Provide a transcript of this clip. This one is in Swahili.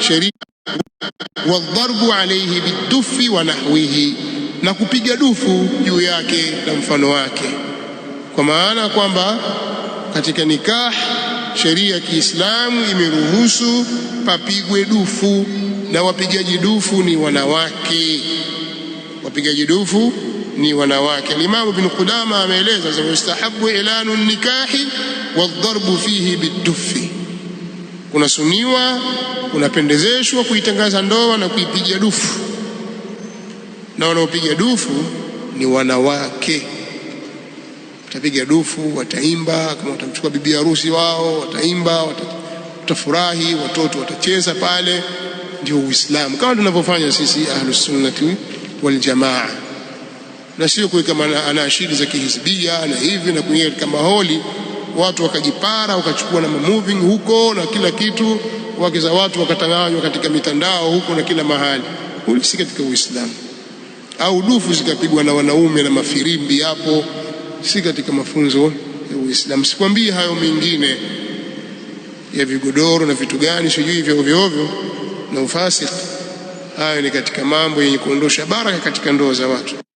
sheria, wadharbu alaihi bidufi wa nahwihi, na kupiga dufu juu yake na mfano wake. Kwa maana kwamba katika nikah sheria ya Kiislamu imeruhusu papigwe dufu, na wapigaji dufu ni wanawake. Wapigaji dufu ni wanawake. Limamu Ibn Qudama ameeleza, mustahabu ilanu nikahi wadharbu fihi bidufi kunasuniwa, kunapendezeshwa kuitangaza ndoa na kuipiga dufu, na wanaopiga dufu ni wanawake. Watapiga dufu, wataimba, kama watamchukua bibi harusi wao wataimba, watafurahi, watoto watacheza pale. Ndio Uislamu kama tunavyofanya sisi Ahlusunnati Waljamaa, na sio kuweka anaashiri za kihizbia na hivi na kuingia katika maholi watu wakajipara, wakachukua na moving huko na kila kitu, wake za watu wakatanganywa katika mitandao huko na kila mahali. huli si katika Uislamu. Au dufu zikapigwa na wanaume na mafirimbi, hapo si katika mafunzo ya Uislamu. Sikwambii hayo mengine ya vigodoro na vitu gani sijui vya ovyo ovyo na ufasiki. Hayo ni katika mambo yenye kuondosha baraka katika ndoa za watu.